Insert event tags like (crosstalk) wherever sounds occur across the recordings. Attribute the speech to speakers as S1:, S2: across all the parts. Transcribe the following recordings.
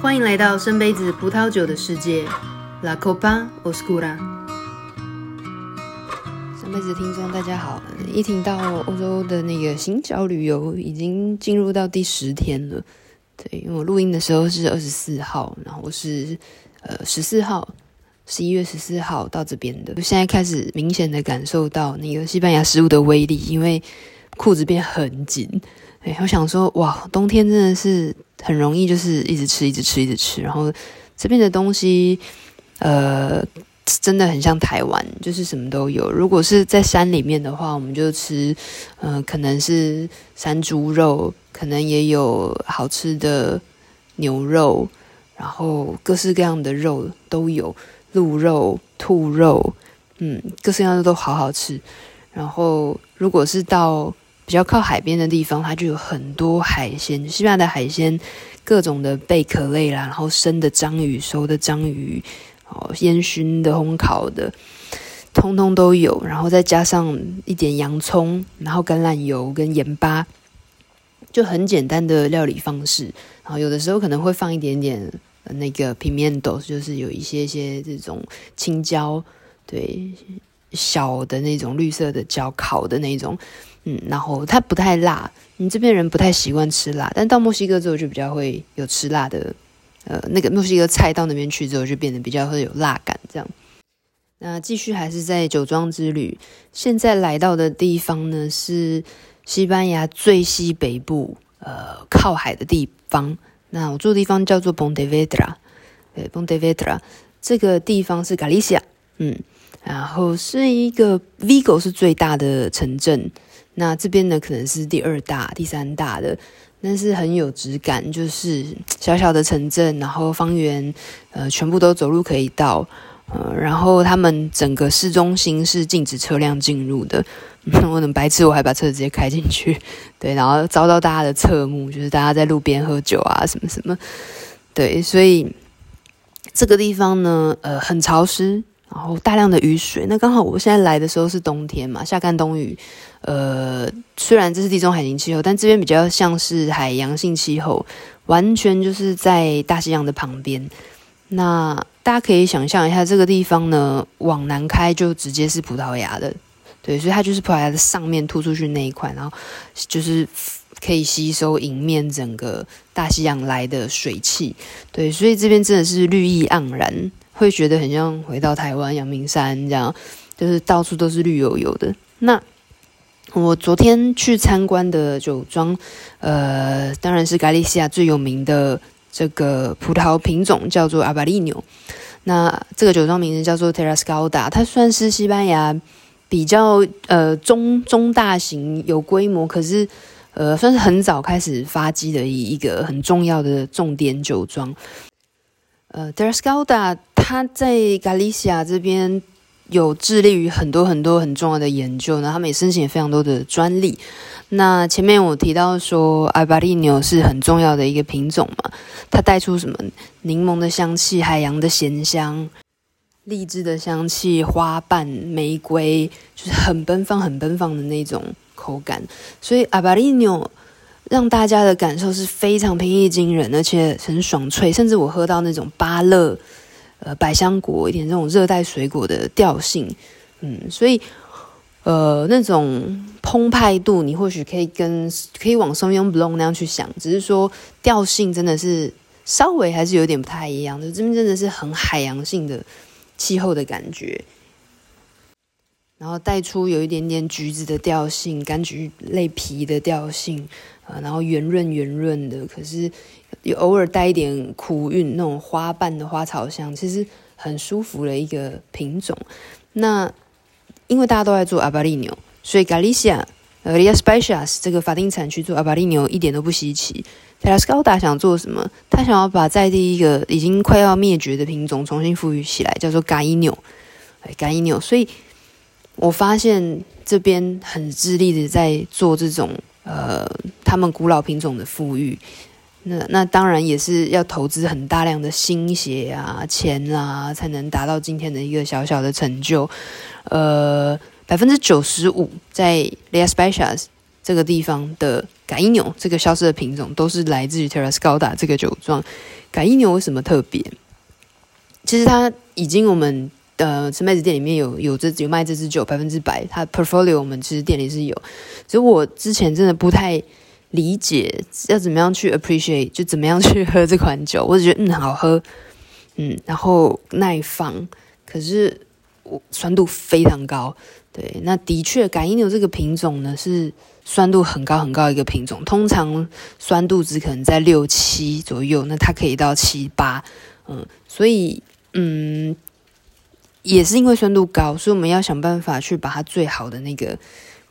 S1: 歡迎來到深杯子葡萄酒的世界，La Copa Oscura。深杯子聽眾大家好，一聽到歐洲的那個行腳旅遊已經進入到第十天了，對，因為我錄音的時候是二十四號，然後我是呃十四號，十一月十四號到這邊的，現在開始明顯的感受到那個西班牙食物的威力，因為褲子變很緊，哎，我想說哇，冬天真的是。很容易就是一直吃，一直吃，一直吃。然後這邊的東西，呃，真的很像台灣，就是什麼都有。如果是在山裡面的話，我們就吃，嗯、呃，可能是山豬肉，可能也有好吃的牛肉，然後各式各樣的肉都有，鹿肉、兔肉，嗯，各式各樣的都好好吃。然後如果是到比較靠海邊的地方，它就有很多海鮮。西班牙的海鮮，各種的貝殼類啦，然後生的章魚、熟的章魚，哦，煙燻的、烘烤的，通通都有。然後再加上一點洋蔥，然後橄欖油跟鹽巴，就很簡單的料理方式。然後有的時候可能會放一點點那個 pimientos，就是有一些些這種青椒，對。小的那種綠色的焦烤的那種，嗯，然後它不太辣，你這邊人不太習慣吃辣，但到墨西哥之後就比較會有吃辣的，呃，那個墨西哥菜到那邊去之後就變得比較會有辣感這樣。那繼續還是在酒莊之旅，現在來到的地方呢，是西班牙最西北部，呃，靠海的地方。那我住的地方叫做 Pontevedra，對，Pontevedra 這個地方是加利西亞，嗯。然後是一個 Vigo 是最大的城鎮，那這邊呢，可能是第二大、第三大的，但是很有質感，就是小小的城鎮，然後方圓呃全部都走路可以到，嗯、呃，然後他們整個市中心是禁止車輛進入的，嗯、我怎麼白痴，我還把車直接開進去，對，然後遭到大家的側目，就是大家在路邊喝酒啊什麼什麼，對，所以這個地方呢，呃，很潮濕。然後大量的雨水，那剛好我現在來的時候是冬天嘛，夏乾冬雨。呃，雖然這是地中海型氣候，但這邊比較像是海洋性氣候，完全就是在大西洋的旁邊。那大家可以想象一下，這個地方呢，往南開就直接是葡萄牙的，對，所以它就是葡萄牙的上面突出去那一塊，然後就是可以吸收迎面整個大西洋來的水汽，對，所以這邊真的是綠意盎然。會覺得很像回到台灣陽明山這樣，就是到處都是綠油油的。那我昨天去參觀的酒莊，呃，當然是加利西亞最有名的這個葡萄品種叫做阿巴利牛。那這個酒莊名字叫做 Terras Gauda，它算是西班牙比較呃中中大型有規模，可是呃算是很早開始發跡的一一個很重要的重點酒莊。呃德瑞斯高達，他在加利西亞這邊有致力於很多很多很重要的研究，然後他們也申請了非常多的專利。那前面我提到說，阿巴利牛是很重要的一個品種嘛，它帶出什麼檸檬的香氣、海洋的鹹香、荔枝的香氣、花瓣、玫瑰，就是很奔放、很奔放的那種口感。所以阿巴利牛。讓大家的感受是非常平易近人，而且很爽脆，甚至我喝到那種芭樂，呃，百香果一點這種熱帶水果的調性，嗯，所以，呃，那種澎湃度你或許可以跟可以往 Sauvignon Blanc 那樣去想，只是說調性真的是稍微還是有點不太一樣的，這邊真的是很海洋性的氣候的感覺，然後帶出有一點點橘子的調性，柑橘類皮的調性。啊，然後圓潤圓潤的，可是有偶爾帶一點苦韻那種花瓣的花草香，其實很舒服的一個品種。那因為大家都在做阿巴利牛，所以 Galicia 呃 Rías Baixas 這個法定產區做阿巴利牛一點都不稀奇。Terras Gauda 想做什麼？他想要把在地一個已經快要滅絕的品種重新賦予起來，叫做嘎伊牛。哎，加伊牛，所以我發現這邊很致力的在做這種。呃，他們古老品種的復育，那那當然也是要投資很大量的心血啊、錢啊，才能達到今天的一個小小的成就。呃，百分之九十五在 Rías Baixas 這個地方的 Caíño 這個消失的品種，都是來自於 Terras Gauda 這個酒莊。Caíño 有什麼特別？其實它已經我們。呃，吃麥子店裡面有有這有賣這支酒，百分之百。它的 portfolio 我們其實店裡是有。所以我之前真的不太理解要怎麼樣去 appreciate，就怎麼樣去喝這款酒。我只覺得嗯，好喝，嗯，然後耐放。可是我酸度非常高，對，那的確，感鷹牛這個品種呢是酸度很高很高一個品種，通常酸度只可能在六七左右，那它可以到七八，8，嗯，所以嗯。也是因為酸度高，所以我們要想辦法去把它最好的那個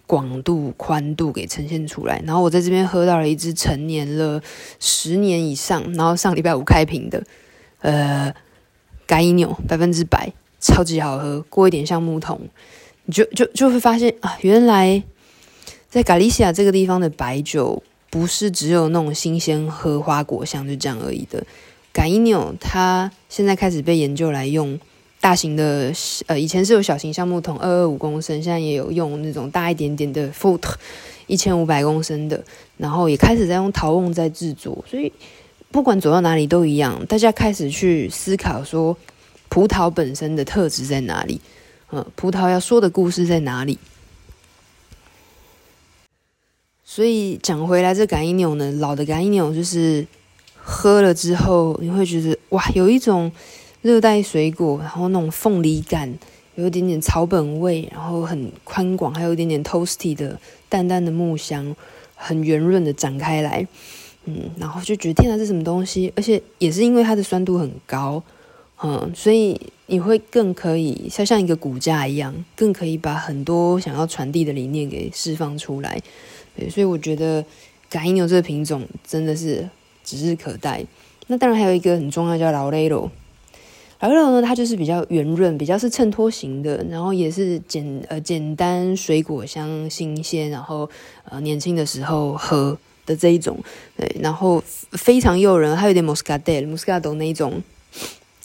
S1: 廣度、寬度給呈現出來。然後我在這邊喝到了一支陳年了十年以上，然後上禮拜五開瓶的，呃，Caíño，百分之百，超級好喝，過一點橡木桶，你就就就會發現啊，原來在加利西亞這個地方的白酒不是只有那種新鮮和花果香就這樣而已的。Caíño 它現在開始被研究來用。大型的，呃，以前是有小型橡木桶，二二五公升，現在也有用那種大一點點的 foot，一千五百公升的，然後也開始在用陶甕在制作，所以不管走到哪裡都一樣，大家開始去思考說，葡萄本身的特質在哪裡，嗯，葡萄要說的故事在哪裡？所以講回來，這干邑酒呢，老的干邑酒就是喝了之後，你會覺得哇，有一種。熱帶水果，然後那種鳳梨感，有一點點草本味，然後很寬廣，還有一點點 toasty 的淡淡的木香，很圓潤的展開來，嗯，然後就覺得天然是什麼東西，而且也是因為它的酸度很高，嗯，所以你會更可以像像一個骨架一樣，更可以把很多想要傳遞的理念給釋放出來，對，所以我覺得 Caíño 這個品種真的是指日可待。那當然還有一個很重要叫勞雷羅。白肉呢，它就是比較圓潤，比較是襯托型的，然後也是簡呃簡單水果香、新鮮，然後呃年輕的時候喝的這一種，對，然後非常誘人，還有點 moscato，moscato 那，那種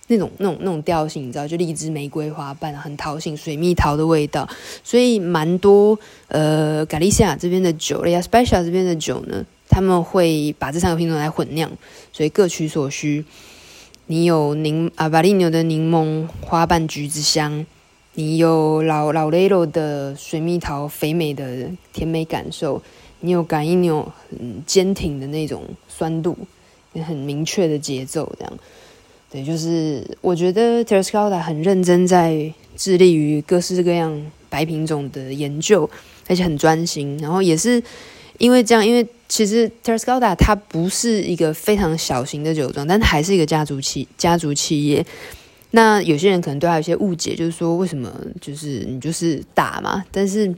S1: 那種那種那種調性，你知道，就荔枝玫瑰花瓣，很討喜水蜜桃的味道，所以蠻多呃 Galicia 這邊的酒，s 亞斯佩西亞這邊的酒呢，他們會把這三個品種來混釀，所以各取所需。你有檸啊巴利牛的檸檬花瓣橘子香，你有老老雷羅的水蜜桃肥美的甜美感受，你有感應牛很堅挺的那種酸度，很明確的節奏，這樣，對，就是我覺得 Terras Gauda 很認真在致力於各式各樣白品種的研究，而且很專心，然後也是。因為這樣，因為其實 Terras Gauda 它不是一個非常小型的酒莊，但還是一個家族企家族企業。那有些人可能對他有些誤解，就是說為什麼就是你就是大嘛？但是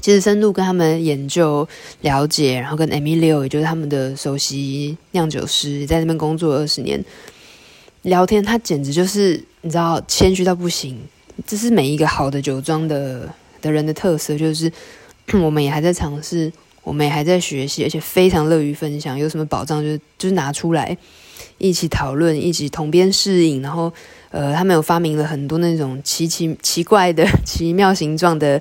S1: 其實深度跟他們研究了解，然後跟 Emilio 也就是他們的首席釀酒師，在那邊工作二十年聊天，他簡直就是你知道謙虛到不行。這是每一個好的酒莊的的人的特色，就是我們也還在嘗試。我們還在學習，而且非常樂於分享。有什麼寶藏，就是就是、拿出來一起討論，一起桶邊試飲。然後，呃，他們有發明了很多那種奇奇奇怪的奇妙形狀的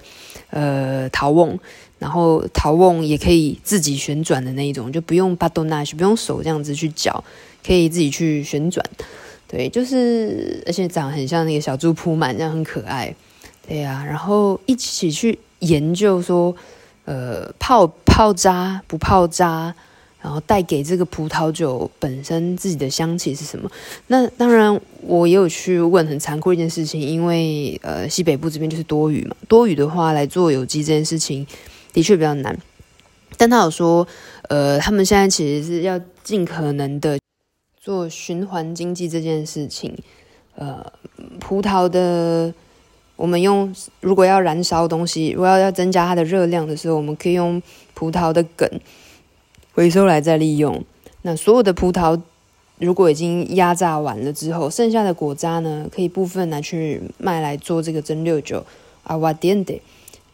S1: 呃陶甕，然後陶甕也可以自己旋轉的那一種，就不用 bâtonnage，不用手這樣子去攪，可以自己去旋轉。對，就是而且長得很像那個小豬撲滿，這樣很可愛。對呀、啊，然後一起去研究說。呃，泡泡渣不泡渣，然後帶給這個葡萄酒本身自己的香氣是什麼？那當然，我也有去問很殘酷一件事情，因為呃，西北部這邊就是多雨嘛，多雨的話來做有機這件事情的確比較難。但他有說，呃，他們現在其實是要儘可能的做循環經濟這件事情，呃，葡萄的。我們用，如果要燃燒東西，如果要要增加它的熱量的時候，我們可以用葡萄的梗回收來再利用。那所有的葡萄如果已經壓榨完了之後，剩下的果渣呢，可以部分拿去賣來做這個蒸餾酒，啊，瓦甸的，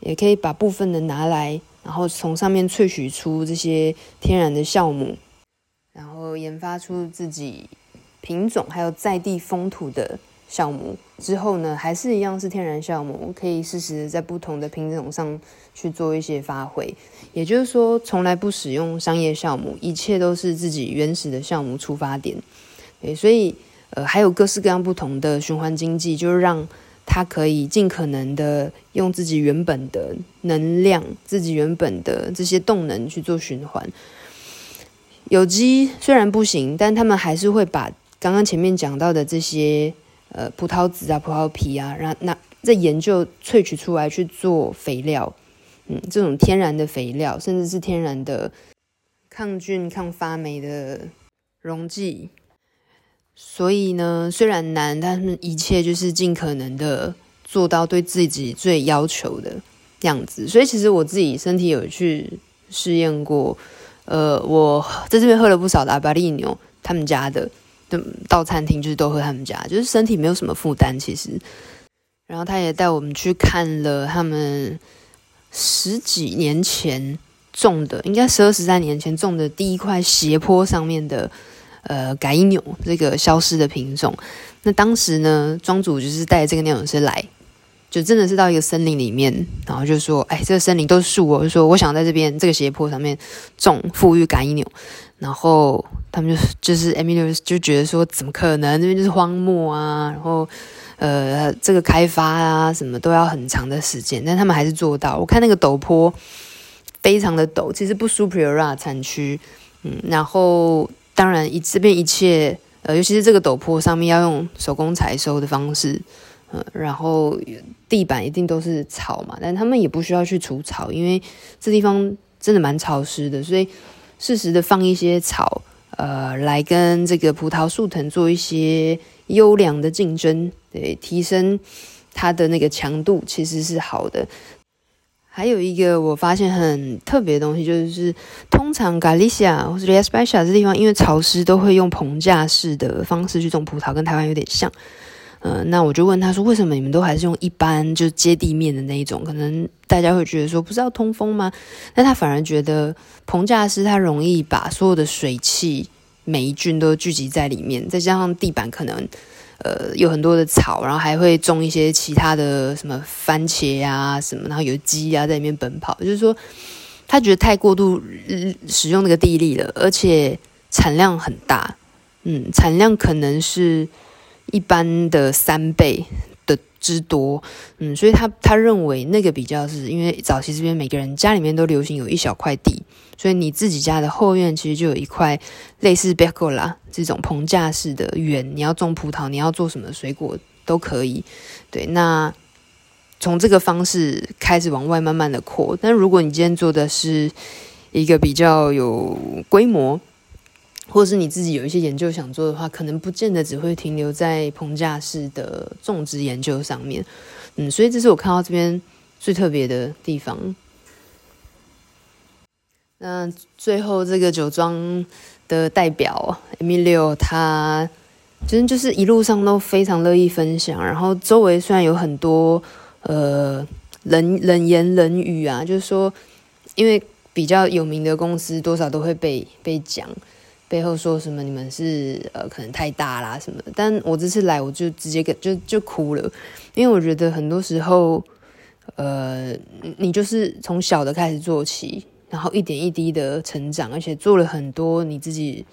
S1: 也可以把部分的拿來，然後從上面萃取出這些天然的酵母，然後研發出自己品種，還有在地風土的。酵母之後呢，還是一樣是天然酵母。可以適時在不同的品種上去做一些發揮。也就是說，從來不使用商業酵母，一切都是自己原始的酵母出發點。所以呃，還有各式各樣不同的循環經濟，就是讓它可以盡可能的用自己原本的能量、自己原本的這些動能去做循環。有機雖然不行，但他們還是會把剛剛前面講到的這些。呃，葡萄籽啊，葡萄皮啊，然後那在研究萃取出來去做肥料，嗯，這種天然的肥料，甚至是天然的抗菌、抗發霉的溶劑。所以呢，雖然難，但是一切就是盡可能的做到對自己最要求的樣子。所以其實我自己身體有去試驗過，呃，我在這邊喝了不少的 Albariño，他們家的。到餐廳就是都喝他們家，就是身體沒有什麼負擔其實。然後他也帶我們去看了他們十幾年前種的，應該十二十三年前種的第一塊斜坡上面的，呃，Caíño 這個消失的品種。那當時呢，莊主就是帶這個釀酒師來，就真的是到一個森林裡面，然後就說，哎，這個森林都是樹哦，就說我想在這邊這個斜坡上面種復育 Caíño。然後他們就就是 Emilios 就覺得說，怎麼可能，那邊就是荒漠啊？然後，呃，這個開發啊什麼都要很長的時間，但他們還是做到。我看那個陡坡非常的陡，其實不輸 Priorat 產區。嗯，然後當然一這邊一切，呃，尤其是這個陡坡上面要用手工採收的方式。嗯，然後地板一定都是草嘛，但他們也不需要去除草，因為這地方真的蠻潮濕的，所以。適時的放一些草，呃，來跟這個葡萄樹藤做一些優良的競爭，對，提升它的那個強度，其實是好的。還有一個我發現很特別的東西，就是通常 Galicia 或是 Rías Baixas 這地方，因為潮濕，都會用棚架式的方式去種葡萄，跟台灣有點像。嗯、呃，那我就問他說，為什麼你們都還是用一般就接地面的那一種？可能大家會覺得說，不是要通風嗎？那他反而覺得棚架式它容易把所有的水汽、霉菌都聚集在裡面，再加上地板可能，呃，有很多的草，然後還會種一些其他的什麼番茄啊什麼，然後有雞啊在裡面奔跑，就是說他覺得太過度、嗯、使用那個地力了，而且產量很大，嗯，產量可能是。一般的三倍的之多，嗯，所以他他認為那個比較是因為早期這邊每個人家裡面都流行有一小塊地，所以你自己家的後院其實就有一塊類似 Pergola，這種棚架式的園，你要種葡萄，你要做什麼水果都可以。對，那從這個方式開始往外慢慢的擴，但如果你今天做的是一個比較有規模。或是你自己有一些研究想做的話，可能不見得只會停留在棚架式的種植研究上面。嗯，所以這是我看到這邊最特別的地方。那最後這個酒莊的代表 Emilio，他真的就是一路上都非常樂意分享。然後周圍雖然有很多呃冷冷言冷語啊，就是說，因為比較有名的公司，多少都會被被講。背後說什麼？你們是呃，可能太大啦什麼？但我這次來，我就直接給就就哭了，因為我覺得很多時候，呃，你就是從小的開始做起，然後一點一滴的成長，而且做了很多你自己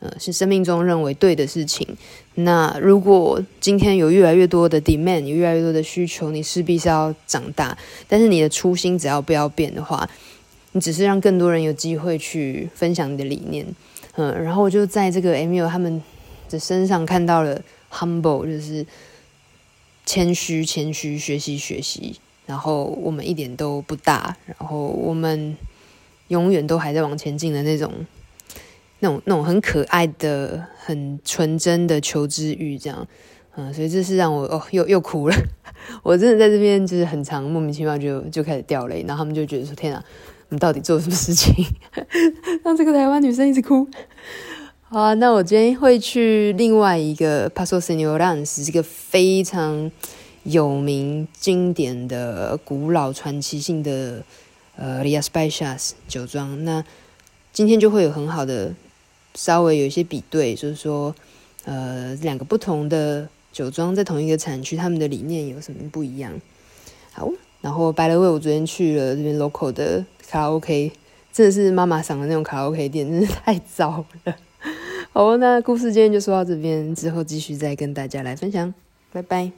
S1: 呃是生命中認為對的事情。那如果今天有越來越多的 demand，有越來越多的需求，你勢必是要長大。但是你的初心只要不要變的話，你只是讓更多人有機會去分享你的理念。嗯，然後我就在這個 Amu 他們的身上看到了 humble，就是謙虛謙虛，學習學習。然後我們一點都不大，然後我們永遠都還在往前進的那種，那種那種很可愛的、很純真的求知欲，這樣。嗯，所以這是讓我哦，又又哭了。 (laughs) 我真的在這邊就是很常莫名其妙就就開始掉淚，然後他們就覺得說：“天啊！”你到底做什麼事情？ (laughs) 讓這個台灣女生一直哭。好啊，那我今天會去另外一個 Paso Senorans 是一個非常有名、經典的、古老、傳奇性的呃 Rias Baixas 酒莊。那今天就會有很好的，稍微有一些比對，就是說，呃，兩個不同的酒莊在同一個產區，他們的理念有什麼不一樣？好，然後 By the way，我昨天去了這邊 local 的。卡拉 OK，真的是媽媽桑的那種卡拉 OK 店，真的是太糟了。 (laughs) 好，那故事今天就說到這邊，之後繼續再跟大家來分享，拜拜。